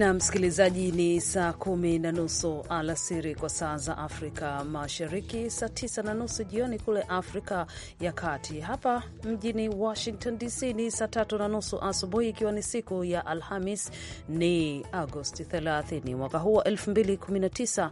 na msikilizaji, ni saa kumi na nusu alasiri kwa saa za Afrika Mashariki, saa tisa na nusu jioni kule Afrika ya Kati. Hapa mjini Washington DC ni saa tatu na nusu asubuhi, ikiwa ni siku ya Alhamis, ni Agosti 30 mwaka huu wa 2019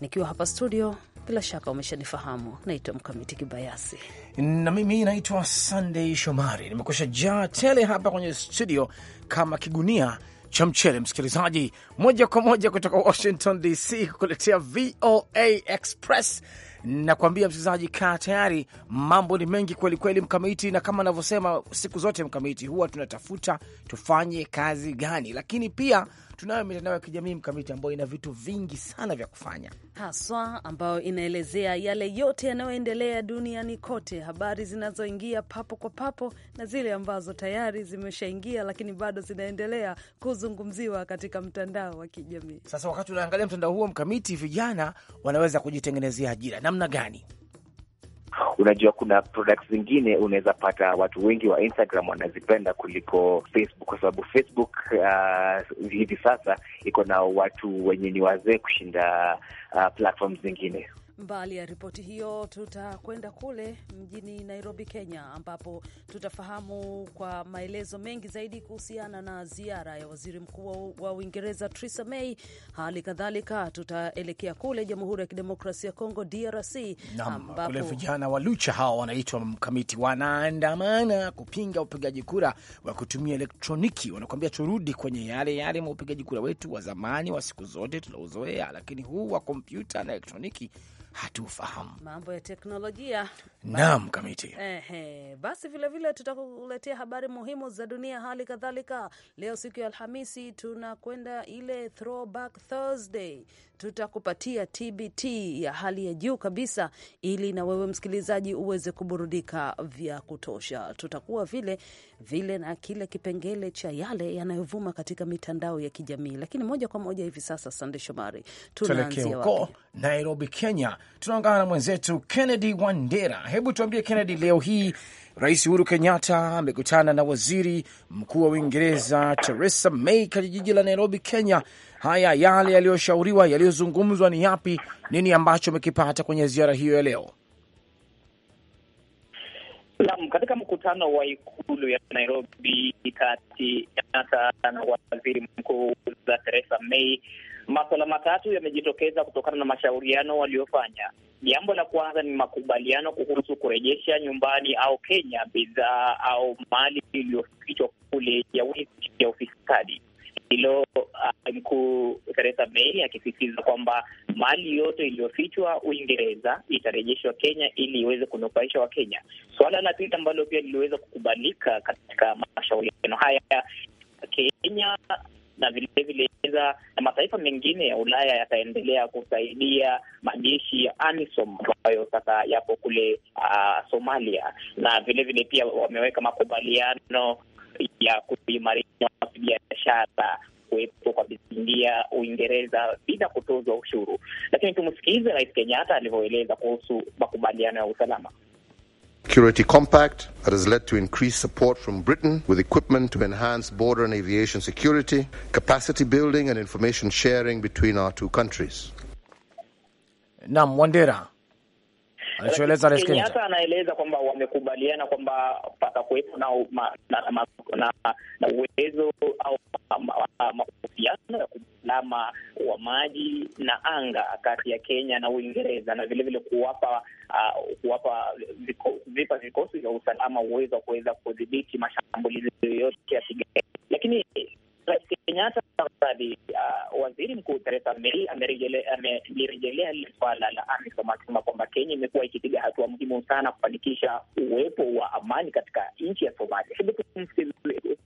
nikiwa hapa studio bila shaka umeshanifahamu. Naitwa Mkamiti Kibayasi na mimi naitwa sandey Shomari. Nimekusha jaa tele hapa kwenye studio kama kigunia cha mchele, msikilizaji, moja kwa moja kutoka Washington DC kukuletea VOA Express. nakuambia msikilizaji, kaa tayari, mambo ni mengi kweli kweli, Mkamiti, na kama anavyosema siku zote Mkamiti, huwa tunatafuta tufanye kazi gani, lakini pia tunayo mitandao ya kijamii Mkamiti, ambayo ina vitu vingi sana vya kufanya haswa ambayo inaelezea yale yote yanayoendelea duniani kote, habari zinazoingia papo kwa papo na zile ambazo tayari zimeshaingia lakini bado zinaendelea kuzungumziwa katika mtandao wa kijamii. Sasa wakati unaangalia mtandao huo, Mkamiti, vijana wanaweza kujitengenezea ajira namna gani? Unajua, kuna products zingine unaweza pata watu wengi wa Instagram wanazipenda kuliko Facebook kwa sababu Facebook uh, hivi sasa iko na watu wenye ni wazee kushinda uh, platforms zingine. Mbali ya ripoti hiyo, tutakwenda kule mjini Nairobi, Kenya, ambapo tutafahamu kwa maelezo mengi zaidi kuhusiana na ziara ya waziri mkuu wa Uingereza Theresa May. Hali kadhalika tutaelekea kule Jamhuri ya Kidemokrasia ya Kongo, DRC, ambapo kule vijana wa Lucha hawa wanaitwa mkamiti, wanaandamana kupinga upigaji kura wa kutumia elektroniki. Wanakuambia turudi kwenye yale yale maupigaji kura wetu wa zamani wa siku zote tunauzoea, lakini huu wa kompyuta na elektroniki hatufahamu mambo ya teknolojia. Naam, Kamiti. Ehe, basi vilevile tutakuletea habari muhimu za dunia. Hali kadhalika leo siku ya Alhamisi tunakwenda ile throwback Thursday, tutakupatia TBT ya hali ya juu kabisa, ili na wewe msikilizaji uweze kuburudika vya kutosha. Tutakuwa vile vile na kile kipengele cha yale yanayovuma katika mitandao ya kijamii, lakini moja kwa moja hivi sasa, Sande Shomari, tunaanzia huko Nairobi, Kenya. Tunaungana na mwenzetu Kennedy Wandera. Hebu tuambie Kennedy, leo hii Rais Uhuru Kenyatta amekutana na waziri mkuu wa Uingereza Theresa May katika jiji la Nairobi, Kenya. Haya yale yaliyoshauriwa, yaliyozungumzwa ni yapi? Nini ambacho amekipata kwenye ziara hiyo ya leo? Naam, katika mkutano wa ikulu ya Nairobi kati ya Kenyatta na waziri mkuu za Theresa May, maswala matatu yamejitokeza kutokana na mashauriano waliofanya. Jambo la kwanza ni makubaliano kuhusu kurejesha nyumbani au Kenya bidhaa au mali iliyofichwa kule ya wizi ya ufisadi. Hilo uh, Mkuu Theresa May akisisitiza kwamba mali yote iliyofichwa Uingereza itarejeshwa Kenya ili iweze kunufaisha Wakenya. Suala la pili ambalo pia liliweza kukubalika katika mashauriano haya Kenya na vilevile na mataifa mengine ya Ulaya yataendelea kusaidia majeshi ya AMISOM ambayo sasa yapo kule uh, Somalia, na vilevile pia wameweka makubaliano ya kuimarisha biashara kuwepo kwa biingia Uingereza bila kutozwa ushuru. Lakini tumsikilize Rais Kenyatta alivyoeleza kuhusu makubaliano ya usalama. Security Compact that has led to increased support from Britain with equipment to enhance border and aviation security, capacity building and information sharing between our two countries. Nam Wandera alichoeleza Rais Kenyatta anaeleza kwamba wamekubaliana kwamba patakuwepo na, na, na, na uwezo au mahusiano ya usalama wa maji na anga kati ya Kenya na Uingereza na vilevile kuwapa uh, kuwapa viko, vipa vikosi vya usalama uwezo wa kuweza kudhibiti mashambulizi yoyote ya kigaidi, lakini Rais Kenyatta radhi, uh, waziri mkuu Theresa May amelirejelea lile swala la AMISOM akisema kwamba Kenya imekuwa ikipiga hatua muhimu sana kufanikisha uwepo wa amani katika nchi ya Somalia. Hebu tusikilize.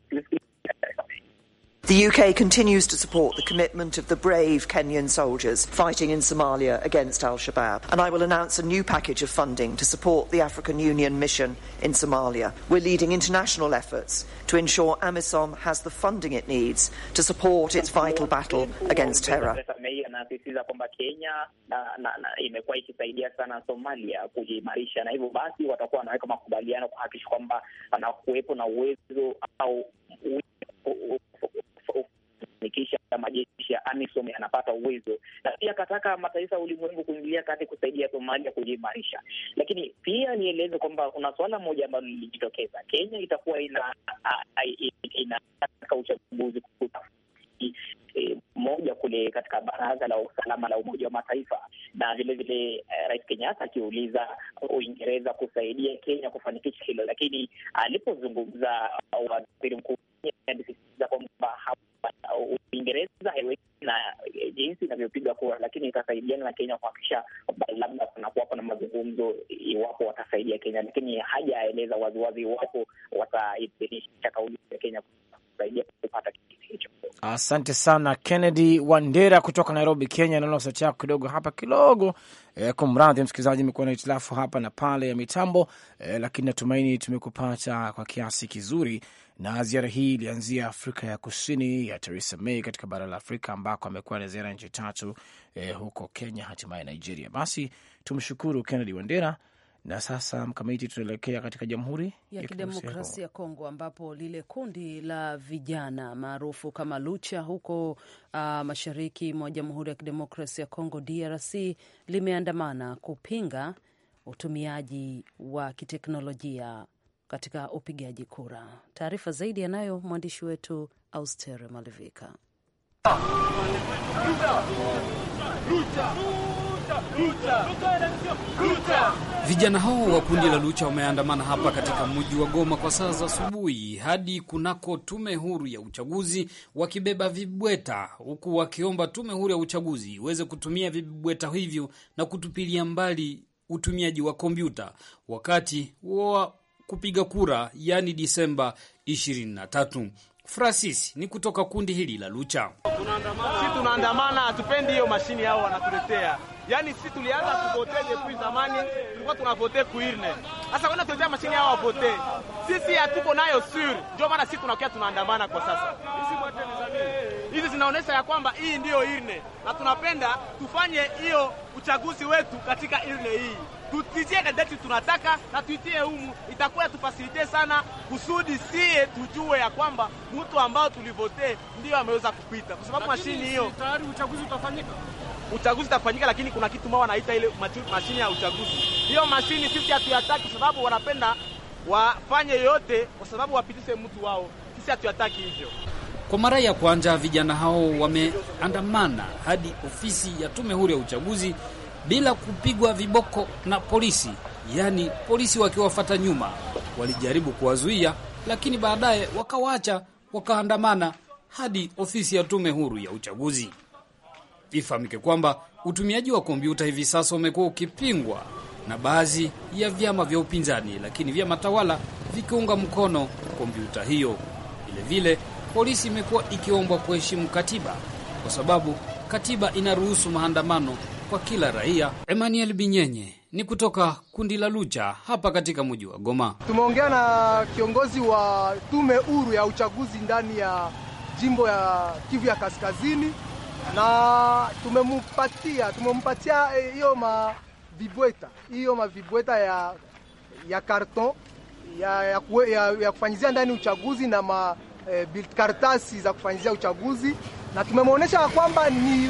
The UK continues to support the commitment of the brave Kenyan soldiers fighting in Somalia against Al Shabaab, and I will announce a new package of funding to support the African Union mission in Somalia. We're leading international efforts to ensure AMISOM has the funding it needs to support its vital battle against terror. Kenya na, na, kufanikisha majeshi ya AMISOM yanapata uwezo, na pia akataka mataifa ya ulimwengu kuingilia kati kusaidia Somalia kujiimarisha. Lakini pia nieleze kwamba kuna suala moja ambalo lilijitokeza, Kenya itakuwa ina inataka uchaguzi E, moja kule katika Baraza la Usalama la Umoja wa Mataifa, na vilevile uh, e, Rais Kenyatta akiuliza Uingereza kusaidia Kenya kufanikisha hilo, lakini alipozungumza uh, waziri mkuu Uingereza haiwezi eh, na eh, jinsi inavyopiga kura, lakini itasaidiana na Kenya kuhakikisha labda kunakuwapo na mazungumzo iwapo watasaidia Kenya, lakini hajaeleza waziwazi iwapo wataidhinisha kauli ya Kenya kusaidia kupata kitu hicho. Asante sana Kennedy Wandera kutoka Nairobi, Kenya. Naona sauti yako kidogo hapa kidogo. E, kumradhi msikilizaji, imekuwa na hitilafu hapa na pale ya mitambo e, lakini natumaini tumekupata kwa kiasi kizuri na ziara hii ilianzia Afrika ya Kusini ya Theresa May katika bara la Afrika ambako amekuwa na ziara nchi tatu eh, huko Kenya, hatimaye Nigeria. Basi tumshukuru Kennedy Wandera na sasa Mkamiti, tunaelekea katika Jamhuri ya Kidemokrasia ya Kongo ambapo lile kundi la vijana maarufu kama Lucha huko uh, mashariki mwa Jamhuri ya Kidemokrasia ya Kongo DRC limeandamana kupinga utumiaji wa kiteknolojia katika upigaji kura. Taarifa zaidi yanayo mwandishi wetu Auster Malivika. Vijana hao wa kundi la Lucha wameandamana hapa katika mji wa Goma kwa saa za asubuhi hadi kunako tume huru ya uchaguzi wakibeba vibweta, huku wakiomba tume huru ya uchaguzi iweze kutumia vibweta hivyo na kutupilia mbali utumiaji wa kompyuta wakati wa kupiga kura, yani Disemba 23. Francis ni kutoka kundi hili la Lucha. Si tunaandamana, hatupendi hiyo mashini yao wanatuletea. yani si tulianza kuvote depuis zamani, tulikuwa tunavote kuirne. Sasa wanatuletea mashini yao wavote, sisi hatuko nayo sur, ndio maana si tunakia tunaandamana kwa sasa hizi zinaonyesha ya kwamba hii ndiyo Irne, na tunapenda tufanye hiyo uchaguzi wetu katika Irne hii, tutizie kandidati tunataka na tuitie humu, itakuwa tufasilite sana kusudi sie tujue ya kwamba mtu ambao tulivote ndiyo ameweza kupita, kwa sababu mashini hiyo tayari uchaguzi utafanyika uchaguzi utafanyika, lakini kuna kitu mao wanaita ile mashini ya uchaguzi. Hiyo mashini sisi hatuyataki, kwa sababu wanapenda wafanye yote, kwa sababu wapitishe mtu wao. Sisi hatuyataki hivyo. Kwa mara ya kwanza vijana hao wameandamana hadi ofisi ya tume huru ya uchaguzi bila kupigwa viboko na polisi, yaani polisi wakiwafata nyuma. Walijaribu kuwazuia, lakini baadaye wakawaacha wakaandamana hadi ofisi ya tume huru ya uchaguzi. Ifahamike kwamba utumiaji wa kompyuta hivi sasa umekuwa ukipingwa na baadhi ya vyama vya upinzani, lakini vyama tawala vikiunga mkono kompyuta hiyo vilevile polisi imekuwa ikiombwa kuheshimu katiba kwa sababu katiba inaruhusu maandamano kwa kila raia. Emmanuel Binyenye ni kutoka kundi la Lucha hapa katika mji wa Goma. Tumeongea na kiongozi wa tume huru ya uchaguzi ndani ya jimbo ya Kivu ya Kaskazini, na tumempatia tumempatia eh, hiyo mavibweta hiyo mavibweta ya ya karton ya, ya, ya, ya kufanyizia ndani uchaguzi na ma e, karatasi za kufanyizia uchaguzi, na tumemwonyesha kwamba ni,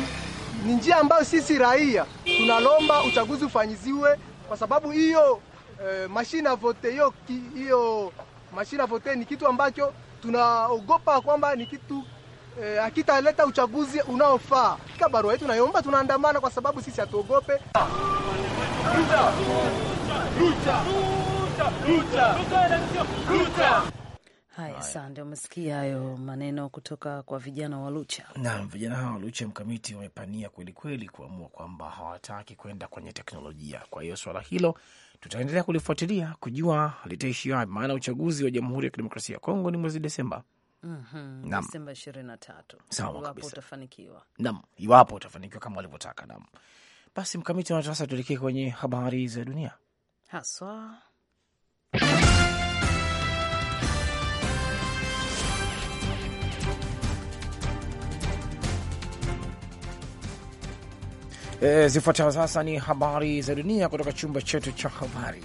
ni njia ambayo sisi raia tunalomba uchaguzi ufanyiziwe kwa sababu hiyo eh, mashine vote hiyo hiyo mashine vote ni kitu ambacho tunaogopa kwamba ni kitu e, akitaleta uchaguzi unaofaa. Katika barua yetu naomba tunaandamana kwa sababu sisi hatuogope. Lucha, lucha, lucha, lucha, lucha, lucha, lucha, lucha. Haya, sande, umesikia hayo maneno kutoka kwa vijana wa Lucha. Naam, vijana hawa wa Lucha mkamiti wamepania kwelikweli kuamua kwamba hawataki kwenda kwenye teknolojia. Kwa hiyo swala hilo tutaendelea kulifuatilia kujua litaishia wapi, maana uchaguzi wa Jamhuri ya Kidemokrasia ya Kongo ni mwezi Desemba. Mm -hmm. Desemba ishirini na tatu. Sawa kabisa, utafanikiwa. Naam, iwapo utafanikiwa kama walivyotaka. Naam, basi mkamiti, na sasa tuelekee kwenye habari za dunia haswa E, zifuatazo sasa ni habari za dunia kutoka chumba chetu cha habari.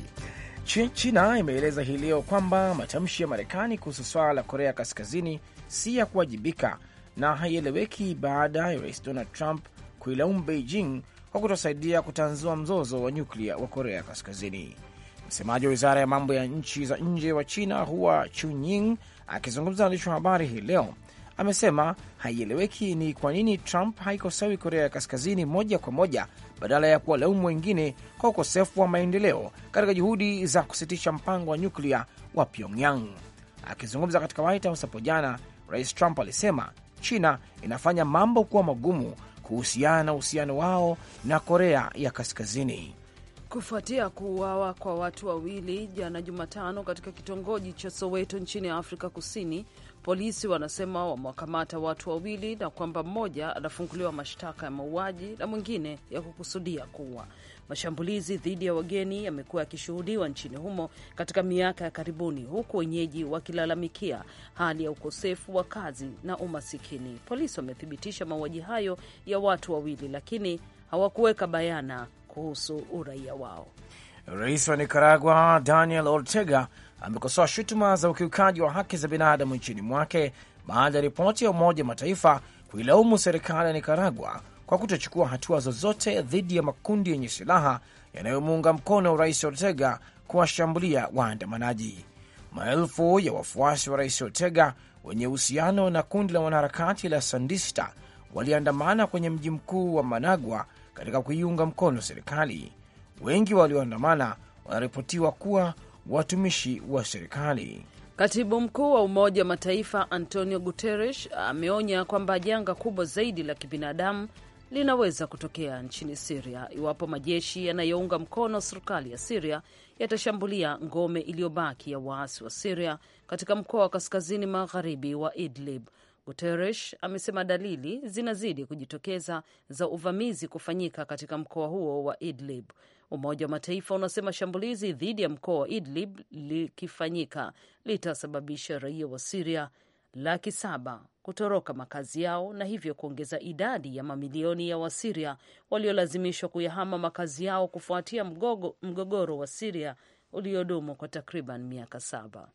China imeeleza hii leo kwamba matamshi ya Marekani kuhusu swala la Korea Kaskazini si ya kuwajibika na haieleweki baada ya Rais Donald Trump kuilaumu Beijing kwa kutosaidia kutanzua mzozo wa nyuklia wa Korea Kaskazini. Msemaji wa wizara ya mambo ya nchi za nje wa China Hua Chunying akizungumza na waandishi wa habari hii leo amesema haieleweki ni kwa nini Trump haikosawi Korea ya Kaskazini moja kwa moja badala ya kuwalaumu wengine kwa ukosefu wa maendeleo katika juhudi za kusitisha mpango wa nyuklia wa Pyongyang. Akizungumza katika White House hapo jana, Rais Trump alisema China inafanya mambo kuwa magumu kuhusiana na uhusiano wao na Korea ya Kaskazini. Kufuatia kuuawa kwa watu wawili jana Jumatano katika kitongoji cha Soweto nchini Afrika Kusini, Polisi wanasema wamewakamata watu wawili na kwamba mmoja anafunguliwa mashtaka ya mauaji na mwingine ya kukusudia kuua. Mashambulizi dhidi ya wageni yamekuwa yakishuhudiwa nchini humo katika miaka ya karibuni, huku wenyeji wakilalamikia hali ya ukosefu wa kazi na umasikini. Polisi wamethibitisha mauaji hayo ya watu wawili, lakini hawakuweka bayana kuhusu uraia wao. Rais wa Nicaragua Daniel Ortega amekosoa shutuma za ukiukaji wa haki za binadamu nchini mwake baada ya ripoti ya Umoja Mataifa kuilaumu serikali ya Nicaragua kwa kutochukua hatua zozote dhidi ya makundi yenye silaha yanayomuunga mkono Rais Ortega kuwashambulia waandamanaji. Maelfu ya wafuasi wa Rais Ortega wenye uhusiano na kundi la wanaharakati la Sandinista waliandamana kwenye mji mkuu wa Managua katika kuiunga mkono serikali. Wengi walioandamana wanaripotiwa kuwa watumishi wa serikali. Katibu mkuu wa Umoja wa Mataifa Antonio Guterres ameonya kwamba janga kubwa zaidi la kibinadamu linaweza kutokea nchini Siria iwapo majeshi yanayounga mkono serikali ya Siria yatashambulia ngome iliyobaki ya waasi wa Siria katika mkoa wa kaskazini magharibi wa Idlib. Guterres amesema dalili zinazidi kujitokeza za uvamizi kufanyika katika mkoa huo wa Idlib. Umoja wa Mataifa unasema shambulizi dhidi ya mkoa wa Idlib likifanyika litasababisha raia wa Siria laki saba kutoroka makazi yao na hivyo kuongeza idadi ya mamilioni ya Wasiria waliolazimishwa kuyahama makazi yao kufuatia mgogo, mgogoro wa Siria uliodumu kwa takriban miaka saba.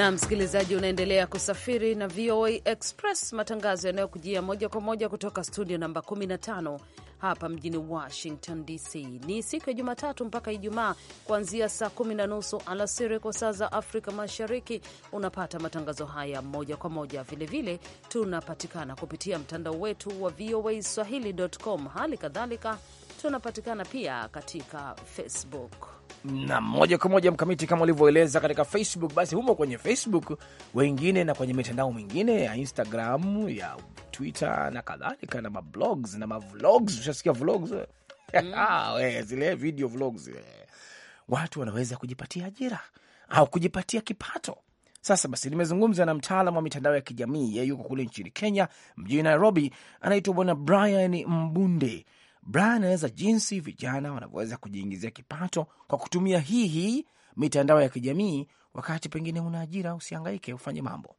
na msikilizaji, unaendelea kusafiri na VOA Express, matangazo yanayokujia moja kwa moja kutoka studio namba 15 hapa mjini Washington DC. Ni siku ya Jumatatu mpaka Ijumaa, kuanzia saa kumi na nusu alasiri kwa saa za Afrika Mashariki. Unapata matangazo haya moja kwa moja. Vilevile tunapatikana kupitia mtandao wetu wa VOA Swahili.com. Hali kadhalika tunapatikana pia katika Facebook na moja kwa moja mkamiti, kama ulivyoeleza katika Facebook, basi humo kwenye Facebook wengine na kwenye mitandao mingine ya Instagram, ya Twitter na kadhalika, na mablogs na mavlogs. Ushasikia vlogs? mm. Ah, zile video vlogs, watu wanaweza kujipatia ajira au kujipatia kipato. Sasa basi, nimezungumza na mtaalamu wa mitandao ya kijamii, yeye yuko kule nchini Kenya, mjini Nairobi, anaitwa Bwana Brian Mbunde. Brian anaeleza jinsi vijana wanavyoweza kujiingizia kipato kwa kutumia hii hii mitandao ya kijamii, wakati pengine una ajira, usihangaike ufanye mambo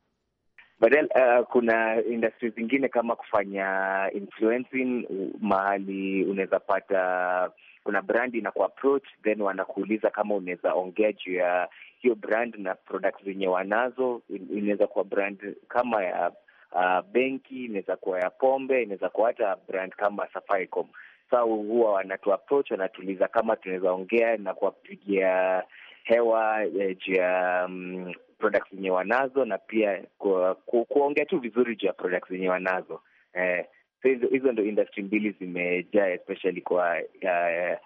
badala uh, kuna industry zingine kama kufanya influencing, mahali unaweza pata, kuna brand inaku then wanakuuliza kama unaweza ongea juu ya hiyo brand na products zenye wanazo. Inaweza kuwa brand kama ya uh, benki, inaweza kuwa ya pombe, inaweza kuwa hata brand kama Safaricom saa huwa wanatuapproach wanatuuliza kama tunaweza ongea na kuwapigia hewa eh, juu ya um, products zenye wanazo na pia kuongea ku, tu vizuri juu ya products zenye wanazo eh, so hizo, hizo ndo industry mbili zimejaa especially kwa uh,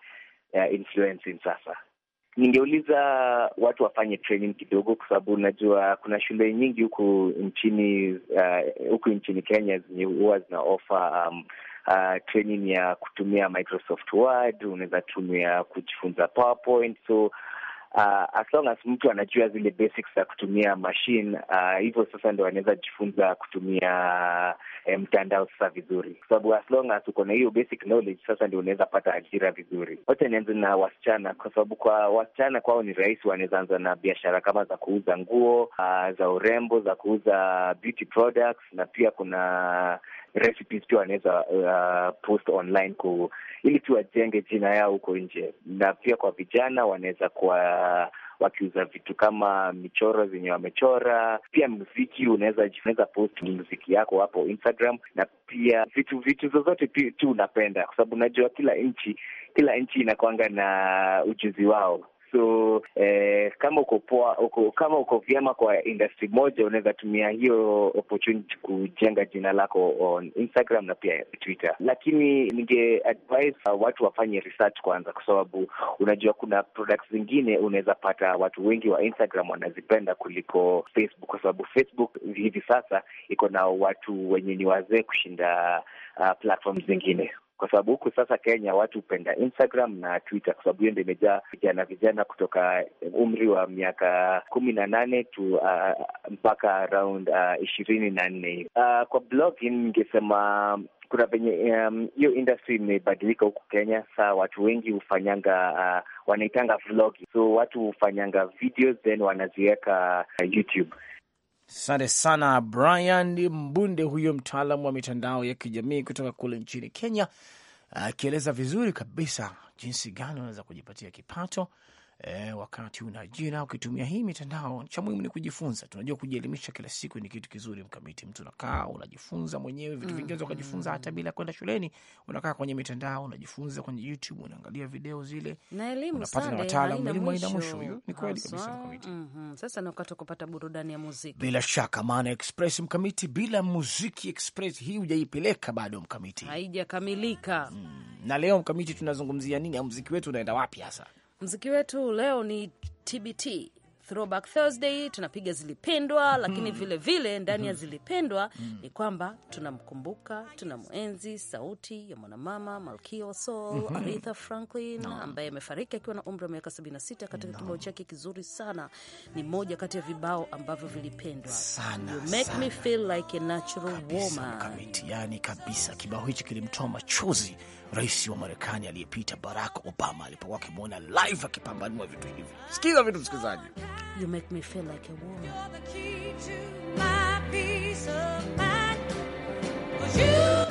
uh, influencing sasa. Ningeuliza watu wafanye training kidogo, kwa sababu unajua kuna shule nyingi huku nchini uh, huku nchini Kenya zenye huwa zina offer um, uh, training ya kutumia Microsoft Word, unaweza tumia kujifunza PowerPoint. So uh, as long as mtu anajua zile basics za kutumia machine uh, hivyo sasa ndo anaweza jifunza kutumia uh, mtandao sasa vizuri, kwa sababu as long as uko na hiyo basic knowledge sasa ndio unaweza pata ajira vizuri. wote nianze na wasichana, kwa sababu kwa wasichana kwao ni rahisi, wanaweza anza na biashara kama za kuuza nguo uh, za urembo, za kuuza beauty products, na pia kuna recipes pia wanaweza uh, post online ku ili tu wajenge jina yao huko nje, na pia kwa vijana wanaweza kuwa wakiuza vitu kama michoro zenye wamechora. Pia muziki unaweza post muziki yako hapo Instagram, na pia vitu vitu zozote tu unapenda, kwa sababu unajua kila nchi kila nchi inakwanga na ujuzi wao so eh, kama uko poa, uko, kama uko vyema kwa industry moja, unaweza tumia hiyo opportunity kujenga jina lako on Instagram na pia Twitter. Lakini ninge advise uh, watu wafanye research kwanza, kwa sababu unajua kuna products zingine unaweza pata watu wengi wa Instagram wanazipenda kuliko Facebook, kwa sababu Facebook hivi sasa iko na watu wenye ni wazee kushinda uh, platform zingine kwa sababu huku sasa Kenya watu hupenda Instagram na Twitter kwa sababu hiyo ndo imejaa vijana vijana kutoka umri wa miaka kumi na nane tu uh, mpaka around uh, ishirini na nne. hivi uh, Kwa blogging ningesema kuna venye um, hiyo um, industry imebadilika huku Kenya. Saa watu wengi hufanyanga uh, wanaitanga vlogi, so watu hufanyanga videos then wanaziweka uh, YouTube Asante sana Brian Mbunde, huyo mtaalamu wa mitandao ya kijamii kutoka kule nchini Kenya, akieleza vizuri kabisa jinsi gani unaweza kujipatia kipato e, wakati una ajira ukitumia hii mitandao. Cha muhimu ni kujifunza. Tunajua kujielimisha kila siku ni kitu kizuri, Mkamiti. Mtu unakaa unajifunza mwenyewe vitu mm, vingine, ukajifunza mm. hata bila kwenda shuleni. Unakaa kwenye mitandao unajifunza, kwenye YouTube unaangalia video zile, na elimu unapata na wataalamu, elimu haina mwisho. Hiyo ni kweli kabisa, Mkamiti. Mm-hmm. Sasa ni wakati wa kupata burudani ya muziki, bila shaka, maana Express Mkamiti, bila muziki Express hii hujaipeleka bado, Mkamiti haijakamilika. Mm, na leo Mkamiti tunazungumzia nini? Au Muziki wetu unaenda wapi hasa? Mziki wetu leo ni TBT Throwback Thursday tunapiga zilipendwa, lakini mm. vile vile ndani ya mm -hmm. zilipendwa mm. ni kwamba tunamkumbuka, tunamwenzi sauti ya mwanamama Malkia wa Soul mm -hmm. Aretha Franklin no. ambaye amefariki akiwa na umri wa miaka 76 katika no. kibao chake kizuri sana. Ni moja kati ya vibao ambavyo vilipendwa sana, you make sana. me feel like a natural kabisa, woman kamiti, yani kabisa kibao hicho kilimtoa machozi rais wa Marekani aliyepita Barack Obama alipokuwa akimwona live akipambanua vitu hivi. Sikiza vitu, msikilizaji. You make me feel like a woman. You're the key to my peace of mind. Cause you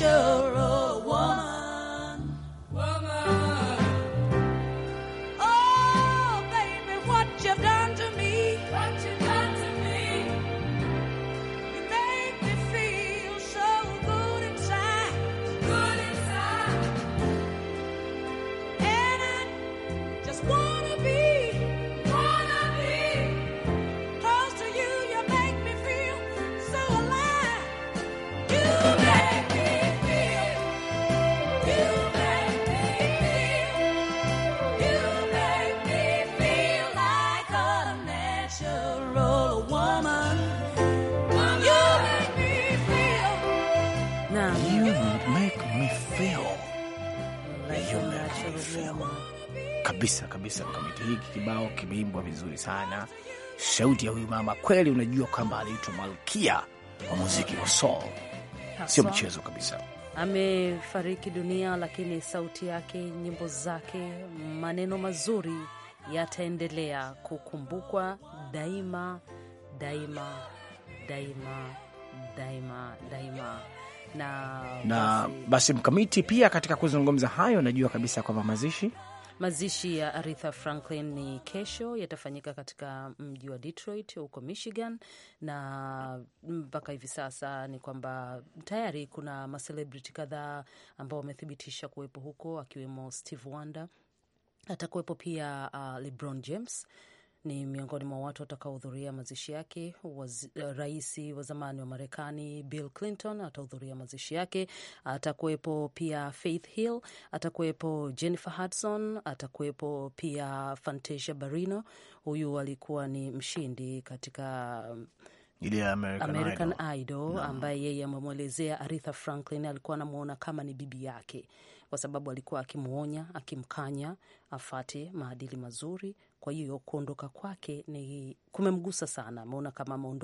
at imepigwa vizuri sana. Sauti ya huyu mama kweli, unajua kwamba anaitwa malkia wa muziki wa soul, sio mchezo kabisa. Amefariki dunia, lakini sauti yake, nyimbo zake, maneno mazuri yataendelea kukumbukwa daima daima daima daima daima. Na, na basi mkamiti pia katika kuzungumza hayo, najua kabisa kwamba mazishi Mazishi ya Aretha Franklin ni kesho, yatafanyika katika mji wa Detroit huko Michigan, na mpaka hivi sasa ni kwamba tayari kuna macelebrity kadhaa ambao wamethibitisha kuwepo huko, akiwemo Steve Wonder atakuwepo pia uh, LeBron James ni miongoni mwa watu watakaohudhuria mazishi yake. Eh, rais wa zamani wa Marekani Bill Clinton atahudhuria mazishi yake. Atakuwepo pia Faith Hill, atakuwepo Jennifer Hudson, atakuwepo pia Fantasia Barrino. Huyu alikuwa ni mshindi katika um, Yeah, American, American Idol, Idol no. ambaye yeye amemwelezea aritha Franklin alikuwa anamwona kama ni bibi yake kwa sababu alikuwa akimuonya, akimkanya afate maadili mazuri. Kwa hiyo kuondoka kwake ni kumemgusa sana, ameona kama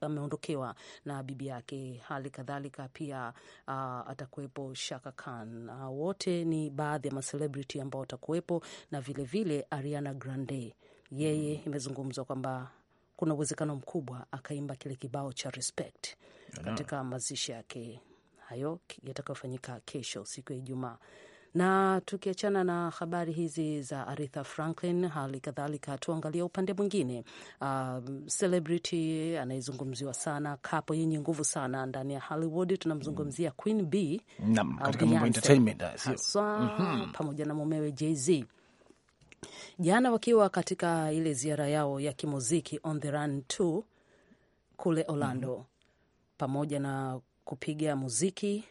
ameondokewa na bibi yake. Hali kadhalika pia uh, atakuwepo Shaka Khan. Uh, wote ni baadhi ya macelebrity ambao watakuwepo na vilevile vile Ariana Grande, yeye hmm. imezungumzwa kwamba kuna uwezekano mkubwa akaimba kile kibao cha Respect katika mazishi yake hayo yatakayofanyika kesho siku ya Ijumaa. Na tukiachana na habari hizi za Aretha Franklin, hali kadhalika tuangalia upande mwingine. Uh, celebrity anayezungumziwa sana, kapo yenye nguvu sana ndani ya Hollywood, tunamzungumzia Queen B ah, haswa, mhm. pamoja na mumewe Jay-Z jana wakiwa katika ile ziara yao ya kimuziki On the Run 2 kule Orlando mm -hmm. Pamoja na kupiga muziki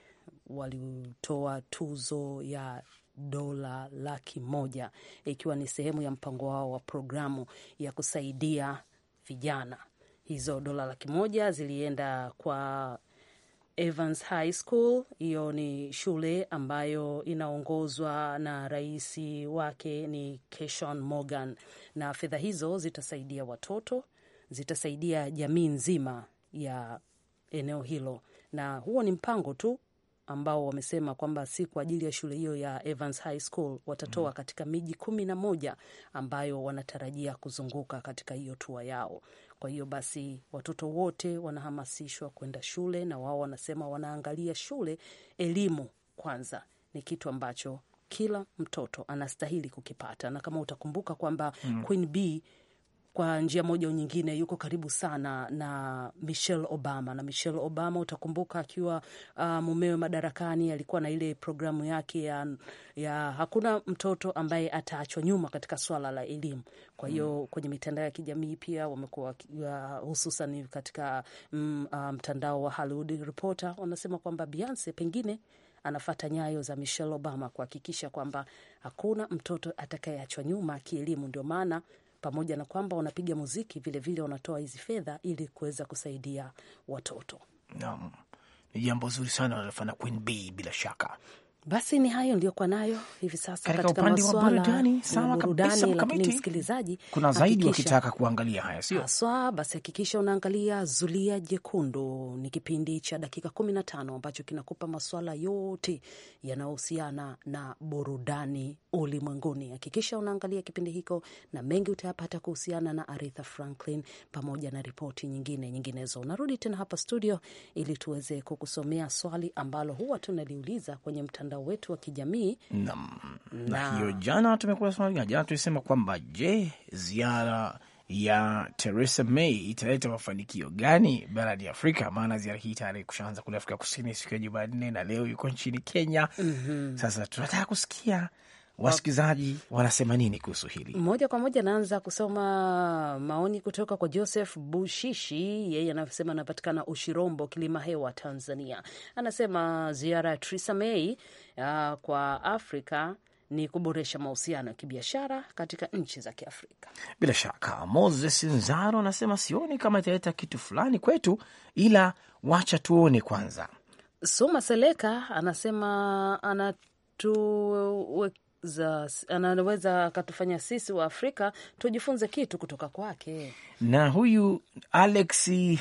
walitoa tuzo ya dola laki moja ikiwa ni sehemu ya mpango wao wa programu ya kusaidia vijana. Hizo dola laki moja zilienda kwa Evans High School. Hiyo ni shule ambayo inaongozwa na rais wake ni Keshon Morgan, na fedha hizo zitasaidia watoto, zitasaidia jamii nzima ya eneo hilo na huo ni mpango tu ambao wamesema kwamba si kwa ajili ya shule hiyo ya Evans High School, watatoa mm -hmm. katika miji kumi na moja ambayo wanatarajia kuzunguka katika hiyo tua yao. Kwa hiyo basi watoto wote wanahamasishwa kwenda shule, na wao wanasema wanaangalia shule, elimu kwanza ni kitu ambacho kila mtoto anastahili kukipata, na kama utakumbuka kwamba mm -hmm. Queen kwa njia moja au nyingine yuko karibu sana na Michelle Obama, na Michelle Obama utakumbuka akiwa uh, mumewe madarakani alikuwa na ile programu yake ya, ya hakuna mtoto ambaye ataachwa nyuma katika swala la elimu. Kwa hiyo mm, kwenye mitandao ya kijamii pia wamekuwa hususan katika mm, uh, mtandao um, um, wa Hollywood Reporter wanasema kwamba Beyonce pengine anafata nyayo za Michelle Obama kuhakikisha kwamba hakuna mtoto atakayeachwa nyuma kielimu, ndio maana pamoja na kwamba wanapiga muziki vilevile, wanatoa hizi fedha ili kuweza kusaidia watoto. Naam, ni jambo zuri sana wanalofanya Queen B bila shaka. Basi ni hayo niliyokuwa nayo hivi sasa katika upande wa burudani. Sawa kabisa, mkamiti msikilizaji, kuna zaidi wakitaka kuangalia haya, sio haswa. Basi hakikisha unaangalia Zulia Jekundu, ni kipindi cha dakika kumi na tano ambacho kinakupa maswala yote yanayohusiana na burudani ulimwenguni. Hakikisha unaangalia kipindi hiko, na mengi utayapata kuhusiana na Aretha Franklin pamoja na ripoti nyingine nyinginezo. Unarudi tena hapa studio ili tuweze kukusomea swali ambalo huwa tunaliuliza kwenye mtandao mtandao wetu wa kijamii na, na, na hiyo jana tumekuwa swali, jana tulisema kwamba je, ziara ya Theresa May italeta mafanikio gani barani Afrika? Maana ziara hii tayari kushaanza kule Afrika Kusini siku ya Jumanne na leo yuko nchini Kenya. mm -hmm. Sasa tunataka kusikia wasikilizaji wanasema nini kuhusu hili. Moja kwa moja naanza kusoma maoni kutoka kwa Joseph Bushishi, yeye anasema anapatikana Ushirombo, Kilima Hewa, Tanzania. Anasema ziara ya Theresa May uh, kwa Afrika ni kuboresha mahusiano ya kibiashara katika nchi za Kiafrika. Bila shaka, Moses Nzaro anasema sioni kama italeta kitu fulani kwetu, ila wacha tuone kwanza. Suma Seleka anasema anatu za anaweza akatufanya sisi wa Afrika tujifunze kitu kutoka kwake. Na huyu Alex eh,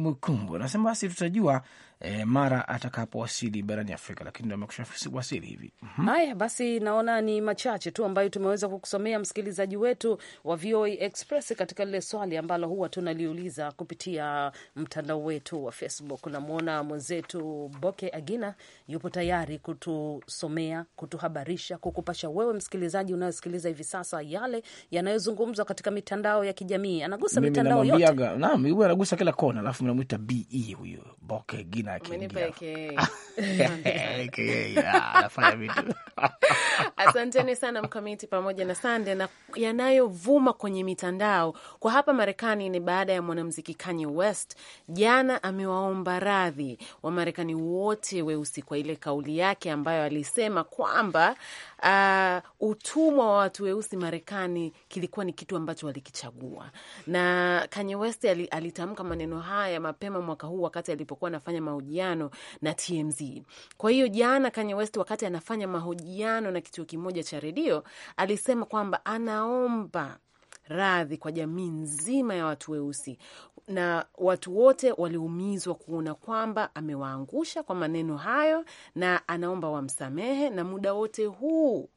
mkumbu anasema basi tutajua e, mara atakapowasili barani Afrika, lakini ndo amekusha wasili hivi. Mhm. Haya basi, naona ni machache tu ambayo tumeweza kukusomea msikilizaji wetu wa VOA Express katika lile swali ambalo huwa tunaliuliza kupitia mtandao wetu wa Facebook. Namwona mwenzetu Boke Agina yupo tayari kutusomea, kutuhabarisha, kukupasha wewe msikilizaji unayosikiliza hivi sasa yale yanayozungumzwa katika mitandao ya kijamii. Anagusa mitandao yote, naam, anagusa kila kona. Alafu namwita be huyo Boke Agina anafanya vitu. Asanteni sana Mkamiti pamoja na Sande na yanayovuma kwenye mitandao kwa hapa Marekani ni baada ya mwanamziki Kanye West jana amewaomba radhi wa marekani wote weusi kwa ile kauli yake ambayo alisema kwamba uh, utumwa wa watu weusi Marekani kilikuwa ni kitu ambacho walikichagua, na Kanye West alitamka maneno haya mapema mwaka huu wakati alipokuwa anafanya mahojiano na TMZ. Kwa hiyo jana Kanye West wakati anafanya mahojiano na kituo kimoja cha redio alisema kwamba anaomba radhi kwa jamii nzima ya watu weusi na watu wote waliumizwa kuona kwamba amewaangusha kwa maneno hayo, na anaomba wamsamehe, na muda wote huu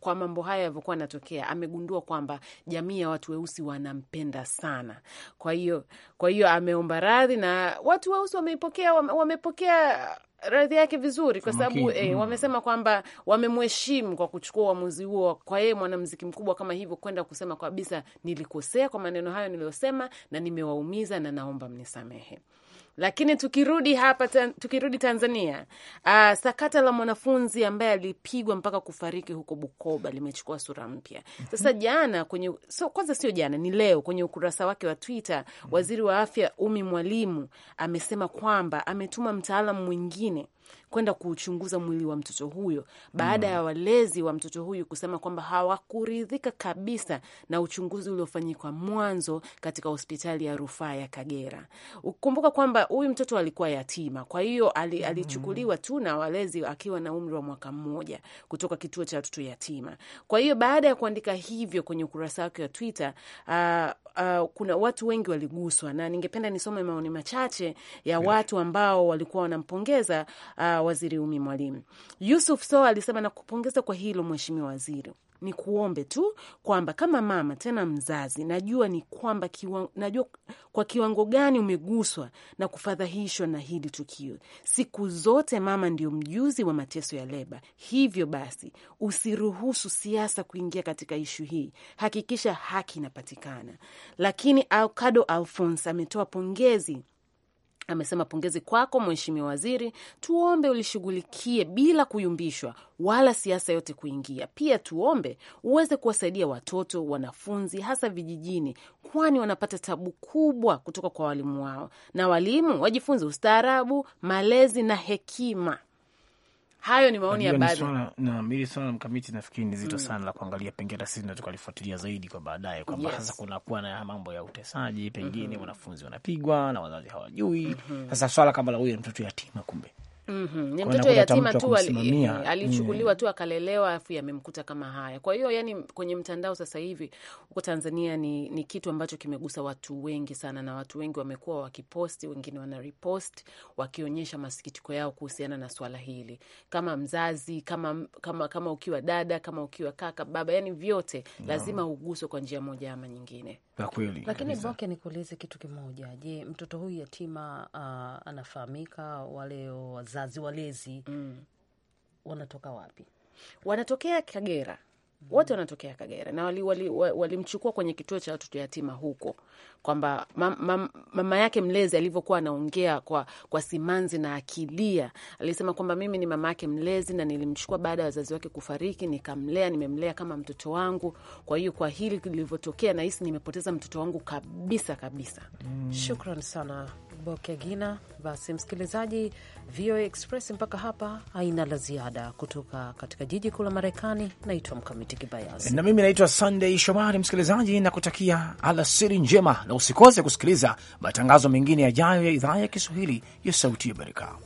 kwa mambo haya yalivyokuwa yanatokea, amegundua kwamba jamii ya watu weusi wanampenda sana. Kwa hiyo kwa hiyo ameomba radhi na watu weusi wamepokea wamepokea radhi yake vizuri, kwa sababu okay. Eh, mm. wamesema kwamba wamemheshimu kwa kuchukua uamuzi huo, kwa yeye mwanamuziki mkubwa kama hivyo, kwenda kusema kabisa, nilikosea kwa maneno hayo niliyosema, na nimewaumiza na naomba mnisamehe. Lakini tukirudi hapa tan, tukirudi Tanzania, uh, sakata la mwanafunzi ambaye alipigwa mpaka kufariki huko Bukoba limechukua sura mpya sasa. Mhm. Jana kwenye so, kwanza sio jana, ni leo, kwenye ukurasa wake wa Twitter, mhm. waziri wa afya Umi Mwalimu amesema kwamba ametuma mtaalamu mwingine kwenda kuuchunguza mwili wa mtoto huyo baada mm. ya walezi wa mtoto huyu kusema kwamba hawakuridhika kabisa na uchunguzi uliofanyika mwanzo katika hospitali ya rufaa ya Kagera. Ukumbuka kwamba huyu mtoto alikuwa yatima, kwa hiyo mm. alichukuliwa tu na walezi akiwa na umri wa mwaka mmoja kutoka kituo cha watoto yatima. Kwa hiyo baada ya kuandika hivyo kwenye ukurasa wake wa Twitter, uh, uh, kuna watu wengi waliguswa, na ningependa nisome maoni machache ya watu ambao walikuwa wanampongeza uh, Waziri Umi Mwalimu. Yusuf so alisema na kupongeza kwa hilo Mheshimiwa Waziri ni kuombe tu kwamba kama mama tena mzazi, najua ni kwamba kiwa, najua kwa kiwango gani umeguswa na kufadhahishwa na hili tukio. Siku zote mama ndio mjuzi wa mateso ya leba. Hivyo basi usiruhusu siasa kuingia katika ishu hii, hakikisha haki inapatikana. Lakini Alkado Alfons ametoa pongezi Amesema pongezi kwako mheshimiwa waziri, tuombe ulishughulikie bila kuyumbishwa wala siasa yote kuingia. Pia tuombe uweze kuwasaidia watoto, wanafunzi hasa vijijini, kwani wanapata tabu kubwa kutoka kwa walimu wao, na walimu wajifunze ustaarabu, malezi na hekima. Hayo ni maoni ya baadhi. Naam, hili swala la mkamiti nafikiri ni zito mm. sana la kuangalia, pengine hata sisi tukalifuatilia zaidi kwa baadaye, kwamba sasa kunakuwa na mambo ya utesaji pengine, mm -hmm. wanafunzi wanapigwa na wazazi hawajui. mm -hmm. Sasa swala kama la huyo mtoto yatima, kumbe Mm-hmm. Mm Ni mtoto yatima tu alichukuliwa tu akalelewa, afu yamemkuta kama haya. Kwa hiyo yani, kwenye mtandao sasa hivi huko Tanzania ni, ni kitu ambacho kimegusa watu wengi sana, na watu wengi wamekuwa wakiposti, wengine wanarepost wakionyesha masikitiko yao kuhusiana na swala hili, kama mzazi, kama, kama, kama ukiwa dada, kama ukiwa kaka, baba, yani vyote lazima uguswe kwa njia moja ama nyingine. Kweli. Lakini Boke, nikuulize kitu kimoja. Je, mtoto huyu yatima uh, anafahamika wale wazazi wazazi walezi mm. wanatoka wapi? Wanatokea Kagera wote wanatokea Kagera na walimchukua wali, wali kwenye kituo cha watoto yatima huko, kwamba mam, mam, mama yake mlezi alivyokuwa anaongea kwa, kwa simanzi na akilia, alisema kwamba mimi ni mama yake mlezi na nilimchukua baada ya wazazi wake kufariki, nikamlea, nimemlea kama mtoto wangu. Kwa hiyo kwa hili lilivyotokea, nahisi nimepoteza mtoto wangu kabisa kabisa. Mm. Shukran sana Bokegina. Basi msikilizaji, VOA Express mpaka hapa haina la ziada, kutoka katika jiji kuu la Marekani. Naitwa Mkamiti Kibayasi na mimi naitwa Sunday Shomari. Msikilizaji, na kutakia alasiri njema na usikose kusikiliza matangazo mengine yajayo ya idhaa ya Kiswahili ya Sauti ya Amerika.